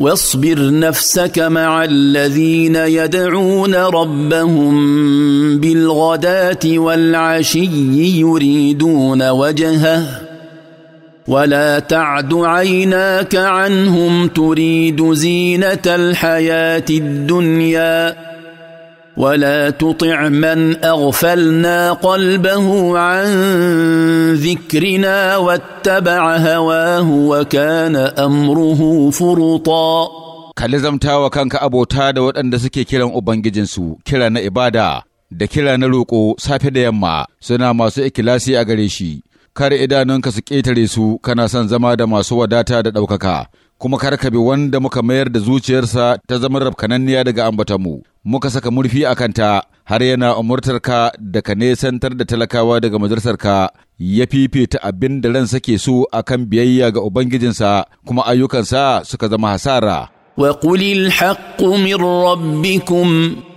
واصبر نفسك مع الذين يدعون ربهم بالغداه والعشي يريدون وجهه ولا تعد عيناك عنهم تريد زينه الحياه الدنيا ولا تطع من اغفلنا قلبه عن ذكرنا واتبع هواه وكان أمره فرطا ka lizamta wa kanka abota da waɗanda suke kiran su kira na ibada da kira na roƙo safe da yamma suna masu ikilasi a gare shi kar idanunka su ƙetare su kana son zama da masu wadata da ɗaukaka kuma kar ka bi wanda muka mayar da zuciyarsa ta zama rafkananniya daga ambatanmu muka saka murfi a kanta har yana umurtarka da ka nesantar da talakawa daga majalisarka ya fifita abin da ransa ke so a kan biyayya ga Ubangijinsa kuma ayyukansa suka zama hasara. Wa وقل الحق من ربكم